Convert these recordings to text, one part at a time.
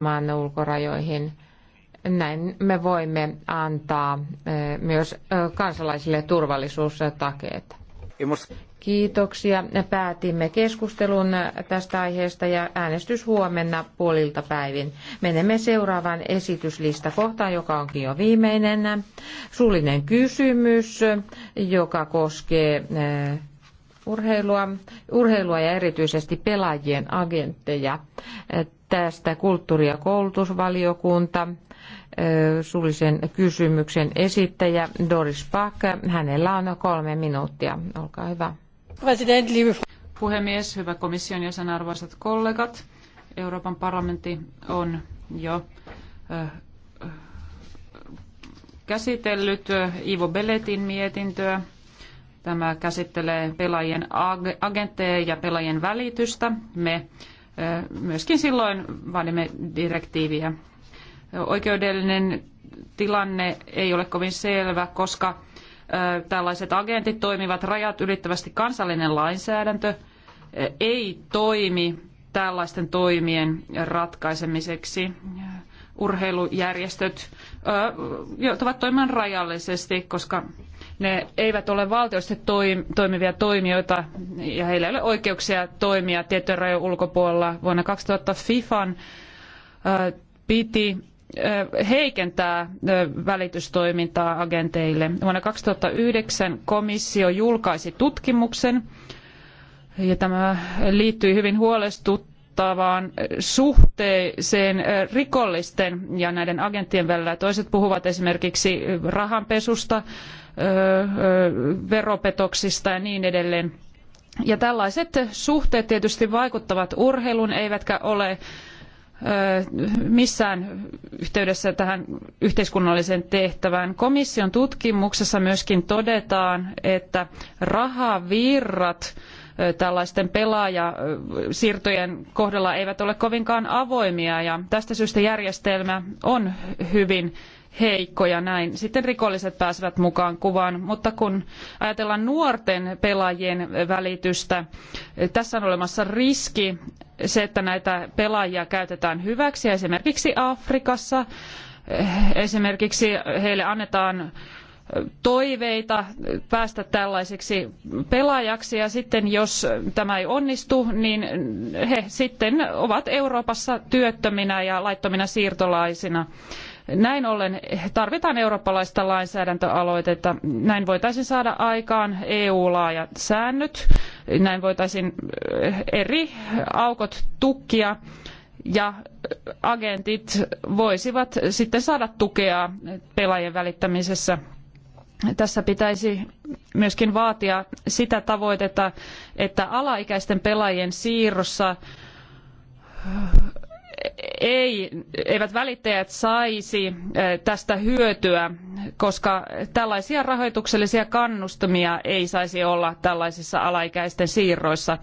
maan ulkorajoihin. Näin me voimme antaa myös kansalaisille turvallisuustakeet. Kiitoksia. Päätimme keskustelun tästä aiheesta ja äänestys huomenna puolilta päivin. Menemme seuraavaan esityslista kohtaan, joka onkin jo viimeinen. Suullinen kysymys, joka koskee urheilua, urheilua ja erityisesti pelaajien agentteja. Tästä kulttuuri- ja koulutusvaliokunta, suullisen kysymyksen esittäjä Doris Pack. Hänellä on kolme minuuttia. Olkaa hyvä. Puhemies, hyvä komission jäsen, arvoisat kollegat. Euroopan parlamentti on jo käsitellyt Ivo Beletin mietintöä Tämä käsittelee pelaajien agentteja ja pelaajien välitystä. Me myöskin silloin vaadimme direktiiviä. Oikeudellinen tilanne ei ole kovin selvä, koska tällaiset agentit toimivat rajat ylittävästi kansallinen lainsäädäntö ei toimi tällaisten toimien ratkaisemiseksi. Urheilujärjestöt joutuvat toimimaan rajallisesti, koska ne eivät ole valtiollisesti toimivia toimijoita ja heillä ei ole oikeuksia toimia tiettyjen rajojen ulkopuolella. Vuonna 2000 FIFAn piti heikentää välitystoimintaa agenteille. Vuonna 2009 komissio julkaisi tutkimuksen, ja tämä liittyi hyvin huolestuttavaan suhteeseen rikollisten ja näiden agenttien välillä. Toiset puhuvat esimerkiksi rahanpesusta, veropetoksista ja niin edelleen. Ja tällaiset suhteet tietysti vaikuttavat urheilun, eivätkä ole missään yhteydessä tähän yhteiskunnalliseen tehtävään. Komission tutkimuksessa myöskin todetaan, että rahavirrat tällaisten pelaajasiirtojen kohdalla eivät ole kovinkaan avoimia ja tästä syystä järjestelmä on hyvin heikkoja näin. Sitten rikolliset pääsevät mukaan kuvaan, mutta kun ajatellaan nuorten pelaajien välitystä, tässä on olemassa riski se, että näitä pelaajia käytetään hyväksi esimerkiksi Afrikassa. Esimerkiksi heille annetaan toiveita päästä tällaiseksi pelaajaksi ja sitten jos tämä ei onnistu, niin he sitten ovat Euroopassa työttöminä ja laittomina siirtolaisina. Näin ollen tarvitaan eurooppalaista lainsäädäntöaloitetta. Näin voitaisiin saada aikaan EU-laajat säännöt. Näin voitaisiin eh, eri aukot tukkia ja agentit voisivat sitten saada tukea pelaajien välittämisessä. Tässä pitäisi myöskin vaatia sitä tavoitetta, että alaikäisten pelaajien siirrossa ei, eivät välittäjät saisi eh, tästä hyötyä, koska tällaisia rahoituksellisia kannustimia ei saisi olla tällaisissa alaikäisten siirroissa.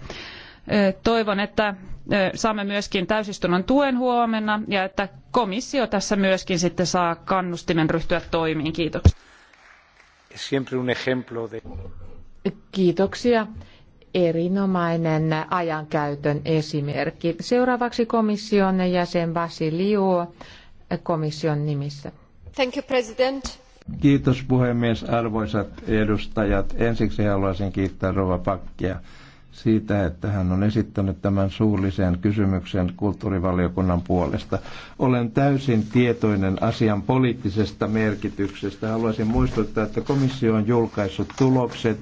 Eh, toivon, että eh, saamme myöskin täysistunnon tuen huomenna ja että komissio tässä myöskin sitten saa kannustimen ryhtyä toimiin. Kiitoksia. Kiitoksia erinomainen ajankäytön esimerkki. Seuraavaksi komission jäsen Vasiliu komission nimissä. Thank you, President. Kiitos puhemies, arvoisat edustajat. Ensiksi haluaisin kiittää Rova Pakkia siitä, että hän on esittänyt tämän suullisen kysymyksen kulttuurivaliokunnan puolesta. Olen täysin tietoinen asian poliittisesta merkityksestä. Haluaisin muistuttaa, että komissio on julkaissut tulokset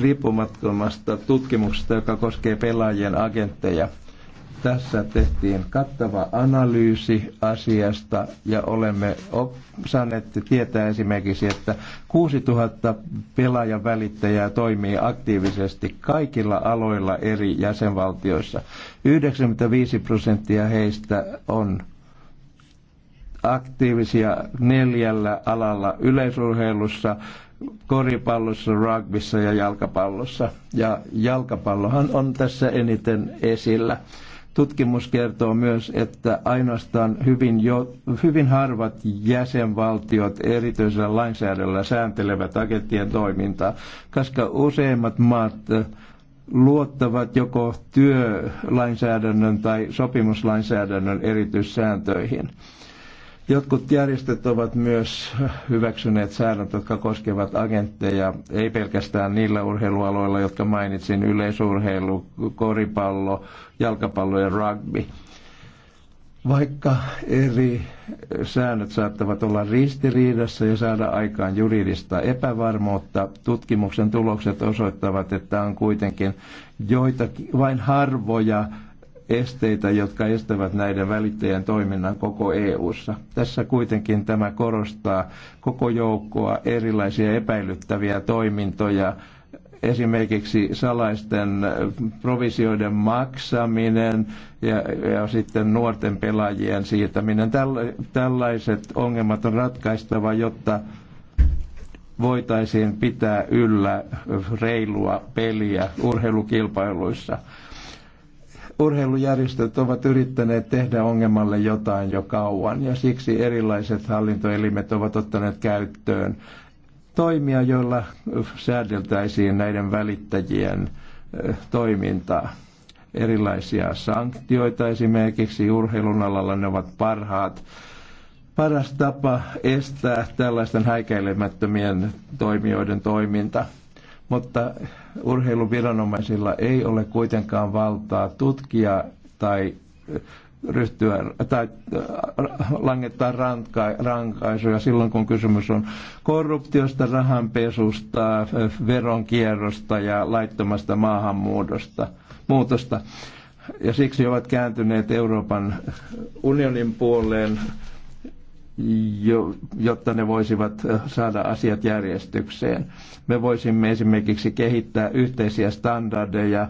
riippumattomasta tutkimuksesta, joka koskee pelaajien agentteja. Tässä tehtiin kattava analyysi asiasta ja olemme saaneet tietää esimerkiksi, että 6000 pelaajan välittäjää toimii aktiivisesti kaikilla aloilla eri jäsenvaltioissa. 95 prosenttia heistä on aktiivisia neljällä alalla yleisurheilussa, koripallossa, rugbyssa ja jalkapallossa. Ja jalkapallohan on tässä eniten esillä. Tutkimus kertoo myös, että ainoastaan hyvin, jo, hyvin harvat jäsenvaltiot erityisellä lainsäädännöllä sääntelevät agenttien toimintaa, koska useimmat maat luottavat joko työlainsäädännön tai sopimuslainsäädännön erityissääntöihin. Jotkut järjestöt ovat myös hyväksyneet säännöt, jotka koskevat agentteja, ei pelkästään niillä urheilualoilla, jotka mainitsin, yleisurheilu, koripallo, jalkapallo ja rugby. Vaikka eri säännöt saattavat olla ristiriidassa ja saada aikaan juridista epävarmuutta, tutkimuksen tulokset osoittavat, että on kuitenkin joitakin, vain harvoja esteitä, jotka estävät näiden välittäjien toiminnan koko EU:ssa. Tässä kuitenkin tämä korostaa koko joukkoa erilaisia epäilyttäviä toimintoja, esimerkiksi salaisten eh, provisioiden maksaminen ja, ja sitten nuorten pelaajien siirtäminen. Tällaiset ongelmat on ratkaistava, jotta voitaisiin pitää yllä reilua peliä urheilukilpailuissa urheilujärjestöt ovat yrittäneet tehdä ongelmalle jotain jo kauan ja siksi erilaiset hallintoelimet ovat ottaneet käyttöön toimia, joilla säädeltäisiin näiden välittäjien toimintaa. Erilaisia sanktioita esimerkiksi urheilun alalla ne ovat parhaat. Paras tapa estää tällaisten häikäilemättömien toimijoiden toiminta mutta urheiluviranomaisilla ei ole kuitenkaan valtaa tutkia tai ryhtyä tai äh, langettaa ranka, rankaisuja silloin, kun kysymys on korruptiosta, rahanpesusta, veronkierrosta ja laittomasta maahanmuutosta. Muutosta. Ja siksi ovat kääntyneet Euroopan unionin puoleen jotta ne voisivat eh, saada asiat järjestykseen. Me voisimme esimerkiksi kehittää yhteisiä standardeja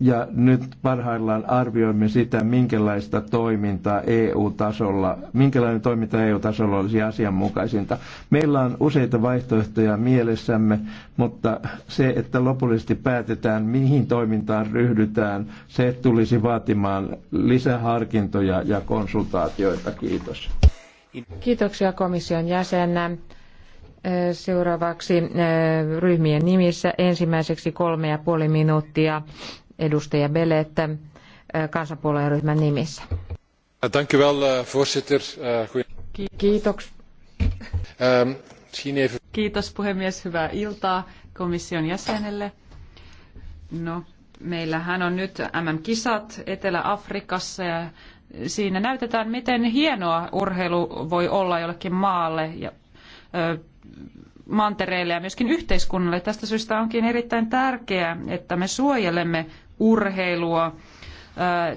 ja nyt parhaillaan arvioimme sitä, minkälaista toimintaa EU-tasolla, minkälainen toiminta EU-tasolla olisi asianmukaisinta. Meillä on useita vaihtoehtoja mielessämme, mutta se, että lopullisesti päätetään, mihin toimintaan ryhdytään, se tulisi vaatimaan lisäharkintoja ja konsultaatioita. Kiitos. Kiitoksia komission jäsenä. Seuraavaksi eh, ryhmien nimissä ensimmäiseksi kolme ja puoli minuuttia edustaja Belet äh, kansanpuolueen nimissä. Dank u wel, eh, voorzitter. Eh, Kiitos. Ehm, Kiitos puhemies, hyvää iltaa komission jäsenelle. No, meillähän on nyt MM-kisat Etelä-Afrikassa ja siinä näytetään, miten hienoa urheilu voi olla jollekin maalle ja ö, mantereille ja myöskin yhteiskunnalle. Tästä syystä onkin erittäin tärkeää, että me suojelemme urheilua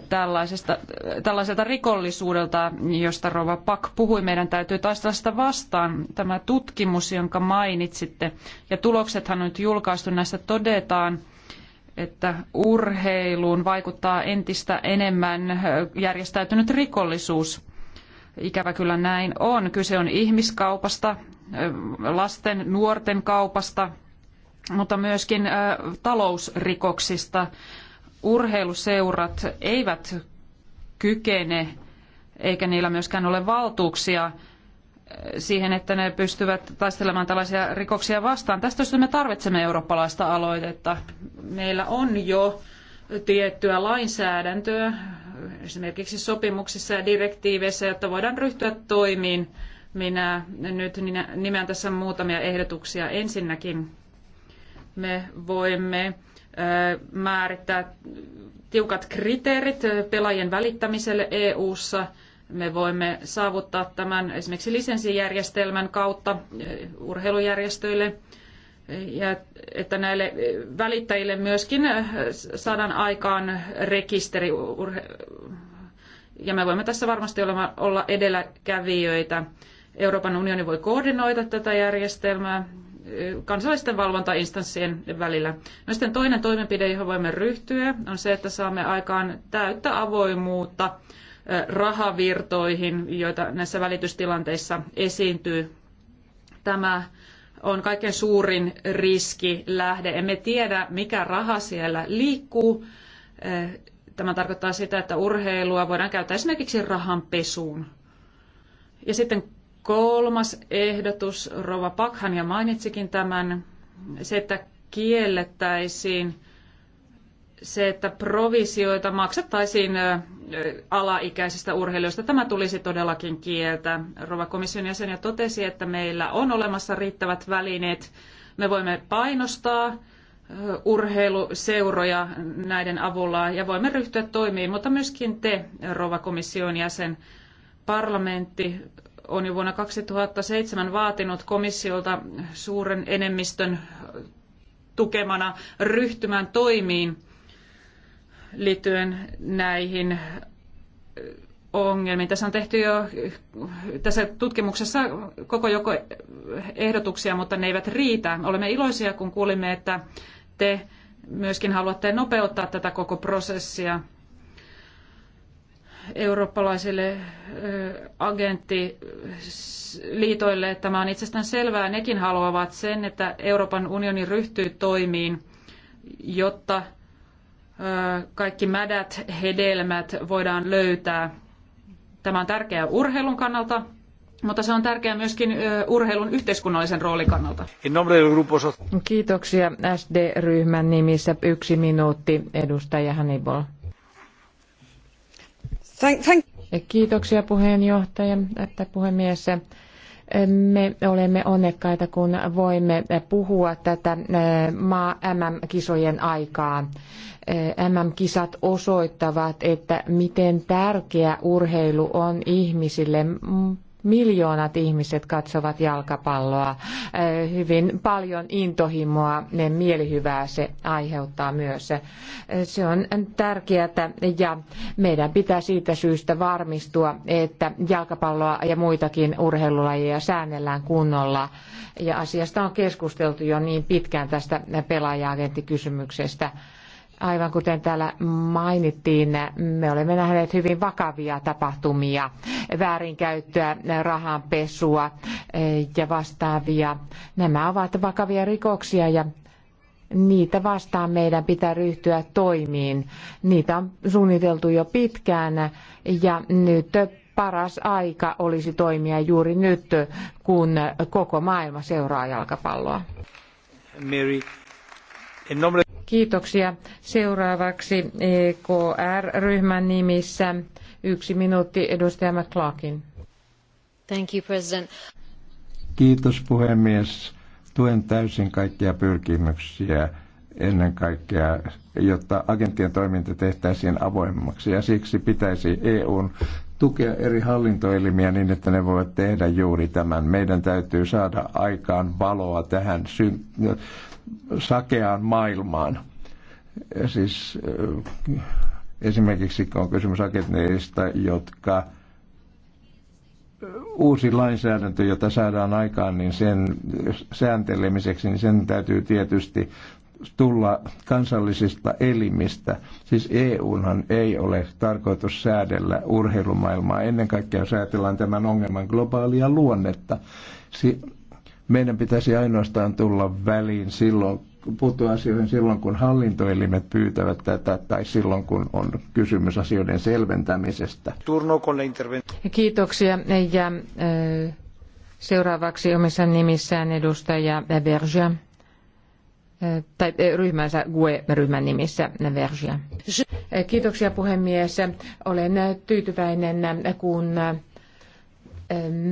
tällaisesta, tällaiselta rikollisuudelta, josta Rova Pak puhui. Meidän täytyy taistella sitä vastaan. Tämä tutkimus, jonka mainitsitte, ja tuloksethan on nyt julkaistu, näissä todetaan, että urheiluun vaikuttaa entistä enemmän järjestäytynyt rikollisuus. Ikävä kyllä näin on. Kyse on ihmiskaupasta, lasten, nuorten kaupasta, mutta myöskin talousrikoksista. Urheiluseurat eivät kykene, eikä niillä myöskään ole valtuuksia siihen, että ne pystyvät taistelemaan tällaisia rikoksia vastaan. Tästä syystä me tarvitsemme eurooppalaista aloitetta. Meillä on jo tiettyä lainsäädäntöä esimerkiksi sopimuksissa ja direktiiveissä, jotta voidaan ryhtyä toimiin minä nyt nimeän tässä muutamia ehdotuksia. Ensinnäkin me voimme määrittää tiukat kriteerit pelaajien välittämiselle EU:ssa. Me voimme saavuttaa tämän esimerkiksi lisenssijärjestelmän kautta urheilujärjestöille ja että näille välittäjille myöskin saadaan aikaan rekisteri. Ja me voimme tässä varmasti olla edelläkävijöitä. Euroopan unioni voi koordinoida tätä järjestelmää kansallisten valvontainstanssien välillä. No sitten toinen toimenpide, johon voimme ryhtyä, on se, että saamme aikaan täyttä avoimuutta rahavirtoihin, joita näissä välitystilanteissa esiintyy. Tämä on kaiken suurin riski lähde. Emme tiedä, mikä raha siellä liikkuu. Tämä tarkoittaa sitä, että urheilua voidaan käyttää esimerkiksi rahanpesuun. Ja sitten Kolmas ehdotus, Rova Pakhan ja mainitsikin tämän, se, että kiellettäisiin se, että provisioita maksettaisiin alaikäisistä urheilijoista. Tämä tulisi todellakin kieltä. Rova komission jäsen totesi, että meillä on olemassa riittävät välineet. Me voimme painostaa urheiluseuroja näiden avulla ja voimme ryhtyä toimiin, mutta myöskin te, Rova komission jäsen, parlamentti on jo vuonna 2007 vaatinut komissiolta suuren enemmistön tukemana ryhtymään toimiin liittyen näihin ongelmiin. Tässä on tehty jo tässä tutkimuksessa koko joko ehdotuksia, mutta ne eivät riitä. Olemme iloisia, kun kuulimme, että te myöskin haluatte nopeuttaa tätä koko prosessia eurooppalaisille agenttiliitoille. Tämä on itsestään selvää. Nekin haluavat sen, että Euroopan unioni ryhtyy toimiin, jotta kaikki mädät hedelmät voidaan löytää. Tämä on tärkeää urheilun kannalta, mutta se on tärkeää myöskin urheilun yhteiskunnallisen roolin kannalta. Kiitoksia SD-ryhmän nimissä. Yksi minuutti, edustaja Hannibal. Kiitoksia puheenjohtaja, että puhemies. Me olemme onnekkaita, kun voimme puhua tätä maa MM-kisojen aikaa. MM-kisat osoittavat, että miten tärkeä urheilu on ihmisille miljoonat ihmiset katsovat jalkapalloa. Eh, hyvin paljon intohimoa ja mielihyvää se aiheuttaa myös. Eh, se on tärkeää ja meidän pitää siitä syystä varmistua, että jalkapalloa ja muitakin urheilulajeja säännellään kunnolla. Ja asiasta on keskusteltu jo niin pitkään tästä pelaaja-agenttikysymyksestä. kysymyksestä Aivan kuten täällä mainittiin, me olemme nähneet hyvin vakavia tapahtumia, väärinkäyttöä, rahanpesua eh, ja vastaavia. Nämä ovat vakavia rikoksia ja niitä vastaan meidän pitää ryhtyä toimiin. Niitä on suunniteltu jo pitkään ja nyt paras aika olisi toimia juuri nyt, kun koko maailma seuraa jalkapalloa. Mary, Kiitoksia. Seuraavaksi EKR-ryhmän nimissä yksi minuutti edustaja McClarkin. Thank you, President. Kiitos puhemies. Tuen täysin kaikkia pyrkimyksiä ennen kaikkea, jotta agenttien toiminta tehtäisiin avoimemmaksi. Ja siksi pitäisi EUn tukea eri hallintoelimiä niin, että ne voivat tehdä juuri tämän. Meidän täytyy saada aikaan valoa tähän sakeaan maailmaan. Siis esimerkiksi on kysymys rakenteista, jotka uusi lainsäädäntö, jota saadaan aikaan, niin sen sääntelemiseksi, niin sen täytyy tietysti tulla kansallisista elimistä. Siis EUnhan ei ole tarkoitus säädellä urheilumaailmaa. Ennen kaikkea jos ajatellaan tämän ongelman globaalia luonnetta. Meidän pitäisi ainoastaan tulla väliin silloin, puuttua asioihin silloin, kun hallintoelimet pyytävät tätä tai silloin, kun on kysymys asioiden selventämisestä. Kiitoksia ja seuraavaksi omissa nimissään edustaja Berger tai ryhmänsä GUE-ryhmän nimissä Vergia. Kiitoksia puhemies. Olen tyytyväinen, kun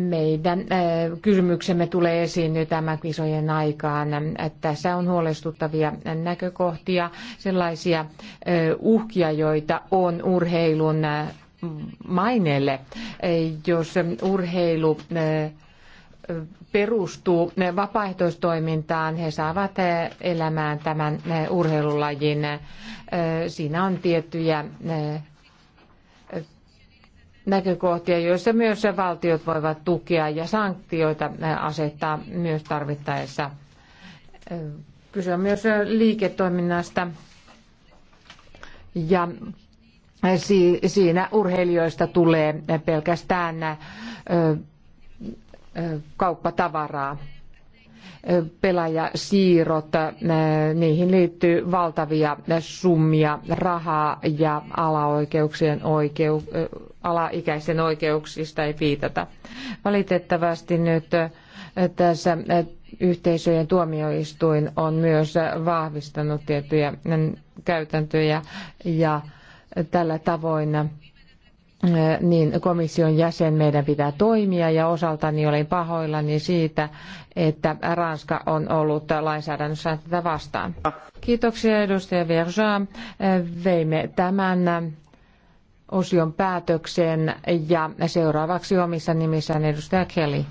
meidän kysymyksemme tulee esiin nyt tämän kisojen aikaan. Tässä on huolestuttavia näkökohtia, sellaisia uhkia, joita on urheilun maineelle. Jos urheilu perustuu vapaaehtoistoimintaan, he saavat elämään tämän urheilulajin. Siinä on tiettyjä näkökohtia, joissa myös valtiot voivat tukea ja sanktioita asettaa myös tarvittaessa. Kyse on myös liiketoiminnasta ja siinä urheilijoista tulee pelkästään kauppatavaraa pelaajasiirrot, niihin liittyy valtavia summia rahaa ja alaoikeuksien oikeu, alaikäisten oikeuksista ei viitata. Valitettavasti nyt tässä yhteisöjen tuomioistuin on myös vahvistanut tiettyjä käytäntöjä ja tällä tavoin niin komission jäsen meidän pitää toimia ja osaltani olen pahoillani siitä, että Ranska on ollut lainsäädännössä tätä vastaan. Kiitoksia edustaja Verja. Veimme tämän osion päätöksen ja seuraavaksi omissa nimissään edustaja Kelly.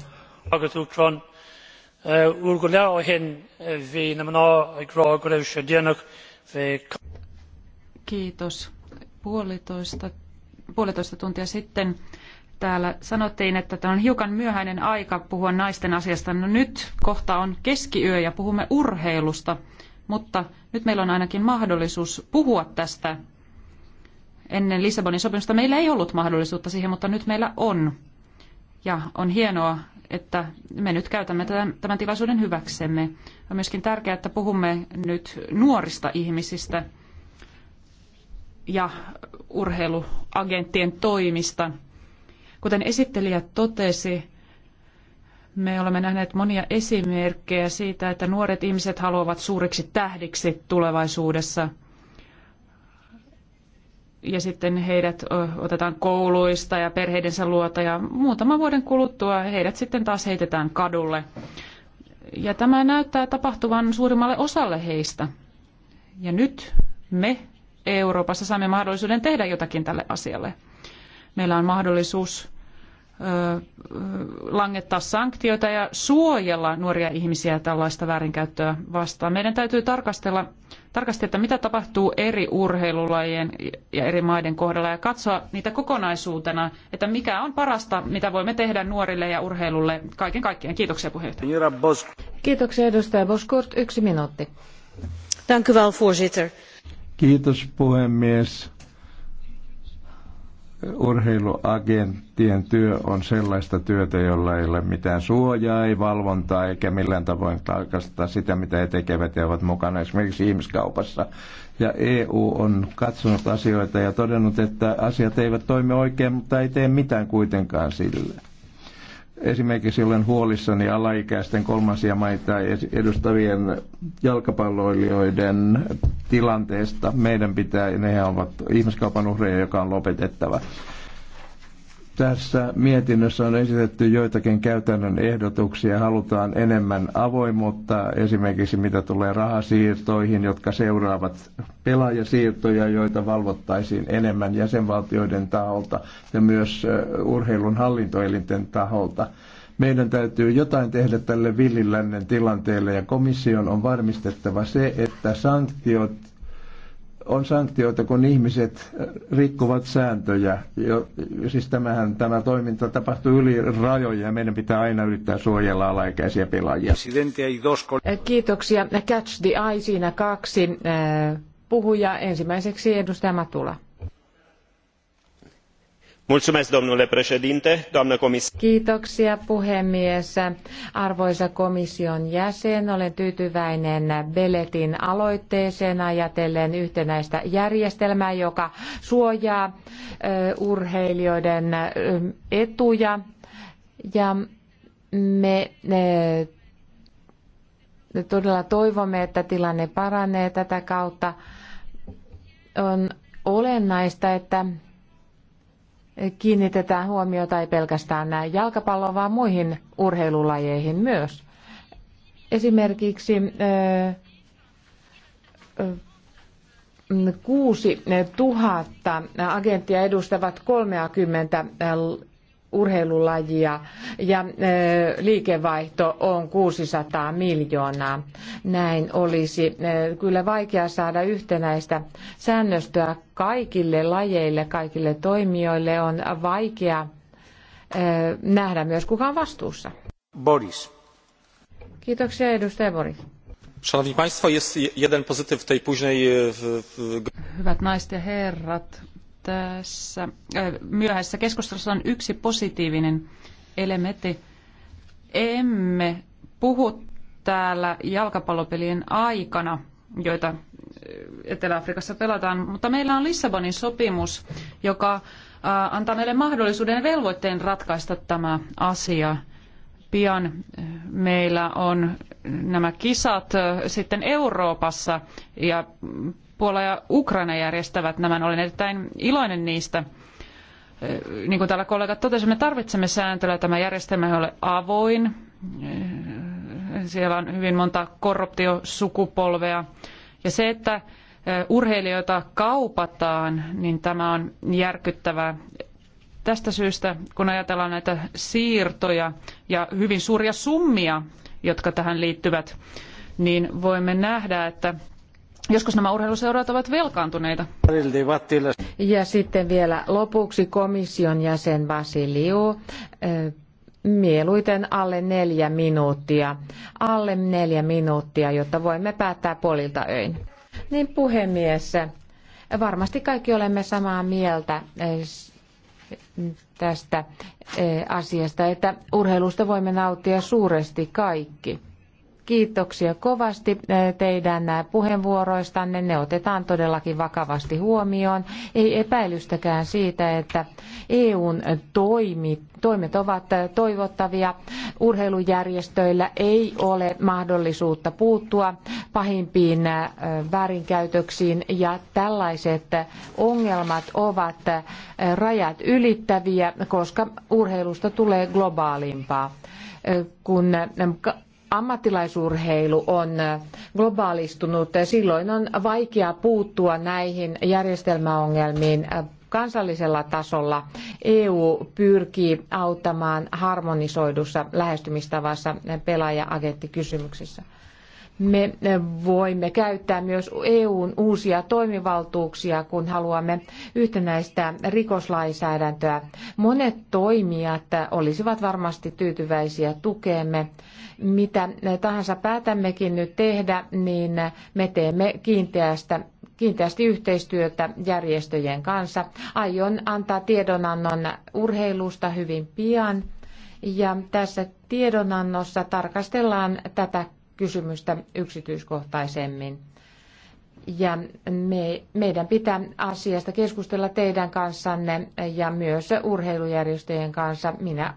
Kiitos. Puolitoista puolitoista tuntia sitten täällä sanottiin, että tämä on hiukan myöhäinen aika puhua naisten asiasta. No nyt kohta on keskiyö ja puhumme urheilusta, mutta nyt meillä on ainakin mahdollisuus puhua tästä. Ennen Lissabonin sopimusta meillä ei ollut mahdollisuutta siihen, mutta nyt meillä on. Ja on hienoa, että me nyt käytämme tämän tilaisuuden hyväksemme. On myöskin tärkeää, että puhumme nyt nuorista ihmisistä – ja urheiluagenttien toimista. Kuten esittelijä totesi, me olemme nähneet monia esimerkkejä siitä, että nuoret ihmiset haluavat suuriksi tähdiksi tulevaisuudessa. Ja sitten heidät otetaan kouluista ja perheidensä luota ja muutaman vuoden kuluttua heidät sitten taas heitetään kadulle. Ja tämä näyttää tapahtuvan suurimmalle osalle heistä. Ja nyt me Euroopassa saamme mahdollisuuden tehdä jotakin tälle asialle. Meillä on mahdollisuus langettaa sanktioita ja suojella nuoria ihmisiä tällaista väärinkäyttöä vastaan. Meidän täytyy tarkastella, tarkastella, että mitä tapahtuu eri urheilulajien ja eri maiden kohdalla ja katsoa niitä kokonaisuutena, että mikä on parasta, mitä voimme tehdä nuorille ja urheilulle kaiken kaikkiaan. Kiitoksia puheenjohtaja. Kiitoksia edustaja Boskort, Yksi minuutti. Dank u wel, voorzitter. Kiitos puhemies. Urheiluagenttien työ on sellaista työtä, jolla ei ole mitään suojaa, ei valvontaa eikä millään tavoin tarkastaa sitä, mitä he tekevät ja ovat mukana esimerkiksi ihmiskaupassa. Ja EU on katsonut asioita ja todennut, että asiat eivät toimi oikein, mutta ei tee mitään kuitenkaan sille. Esimerkiksi olen huolissani alaikäisten kolmansia maita edustavien jalkapalloilijoiden tilanteesta. Meidän pitää, ja nehän ovat ihmiskaupan uhreja, joka on lopetettava. Tässä mietinnössä on esitetty joitakin käytännön ehdotuksia. Halutaan enemmän avoimuutta, esimerkiksi mitä tulee rahasiirtoihin, jotka seuraavat pelaajasiirtoja, joita valvottaisiin enemmän jäsenvaltioiden taholta ja myös urheilun hallintoelinten taholta. Meidän täytyy jotain tehdä tälle villilännen tilanteelle ja komission on varmistettava se, että sanktiot on sanktioita, kun ihmiset rikkovat sääntöjä. Jo, siis tämähän tämä toiminta tapahtuu yli rajojen ja meidän pitää aina yrittää suojella alaikäisiä pelaajia. Kiitoksia. Catch the Eye siinä kaksi äh, puhuja. Ensimmäiseksi edustaja Matula. Kiitoksia puhemies. Arvoisa komission jäsen, olen tyytyväinen Beletin aloitteeseen ajatellen yhtenäistä järjestelmää, joka suojaa urheilijoiden etuja. Ja me todella toivomme, että tilanne paranee tätä kautta. On olennaista, että kiinnitetään huomiota ei pelkästään näin jalkapalloon, vaan muihin urheilulajeihin myös. Esimerkiksi äh, äh, kuusi tuhatta agenttia edustavat 30 urheilulajia ja liikevaihto on 600 miljoonaa. Näin olisi kyllä vaikea saada yhtenäistä säännöstöä kaikille lajeille, kaikille toimijoille on vaikea nähdä myös kuka vastuussa. Boris. Kiitoksia edustaja Boris. Szanowni Państwo, jest jeden pozytyw tej późnej... E, Hyvät naiset ja herrat, tässä äh, myöhäisessä keskustelussa on yksi positiivinen elementti. Emme puhu täällä jalkapallopelien aikana, joita äh, Etelä-Afrikassa pelataan, mutta meillä on Lissabonin sopimus, joka äh, antaa meille mahdollisuuden velvoitteen ratkaista tämä asia. Pian meillä on nämä kisat sitten Euroopassa ja Puola ja Ukraina järjestävät nämä. Olen erittäin iloinen niistä. Niin kuin täällä kollegat totesivat, me tarvitsemme sääntelyä. Tämä järjestelmä ei ole avoin. Siellä on hyvin monta korruptiosukupolvea. Ja se, että urheilijoita kaupataan, niin tämä on järkyttävää. Tästä syystä, kun ajatellaan näitä siirtoja ja hyvin suuria summia, jotka tähän liittyvät, niin voimme nähdä, että Joskus nämä urheiluseurat ovat velkaantuneita. Ja sitten vielä lopuksi komission jäsen Vasiliu. Mieluiten alle neljä minuuttia. Alle neljä minuuttia, jotta voimme päättää polilta öin. Niin puhemies, varmasti kaikki olemme samaa mieltä tästä asiasta, että urheilusta voimme nauttia suuresti kaikki. Kiitoksia kovasti eh, teidän eh, puheenvuoroistanne. Ne otetaan todellakin vakavasti huomioon. Ei epäilystäkään siitä, että EUn eh, toimi, toimet ovat toivottavia. Urheilujärjestöillä ei ole mahdollisuutta puuttua pahimpiin väärinkäytöksiin ja tällaiset ongelmat ovat rajat ylittäviä, koska urheilusta tulee globaalimpaa kun ammattilaisurheilu on globaalistunut, silloin on vaikea puuttua näihin järjestelmäongelmiin kansallisella tasolla. EU pyrkii auttamaan harmonisoidussa lähestymistavassa pelaaja-agenttikysymyksissä me voimme käyttää myös EUn uusia toimivaltuuksia, kun haluamme yhtenäistä rikoslainsäädäntöä. Monet toimijat olisivat varmasti tyytyväisiä tukeemme. Mitä tahansa päätämmekin nyt tehdä, niin me teemme kiinteästä kiinteästi yhteistyötä järjestöjen kanssa. Aion antaa tiedonannon urheilusta hyvin pian. Ja tässä tiedonannossa tarkastellaan tätä kysymystä yksityiskohtaisemmin. Ja me, meidän pitää asiasta keskustella teidän kanssanne ja myös urheilujärjestöjen kanssa. Minä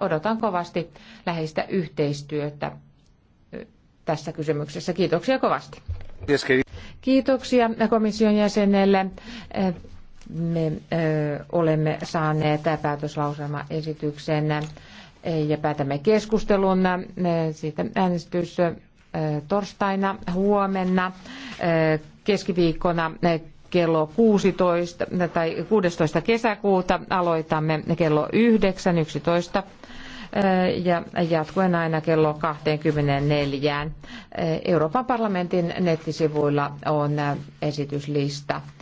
odotan kovasti läheistä yhteistyötä tässä kysymyksessä. Kiitoksia kovasti. Kiitoksia komission jäsenelle. Me olemme saaneet päätöslauselmaesityksen ja päätämme keskustelun. Äh, siitä äänestys äh, torstaina huomenna äh, keskiviikkona kello 16 tai 16 kesäkuuta aloitamme kello 9, 11 ja jatkuen aina kello 24. Euroopan parlamentin nettisivuilla on esityslista.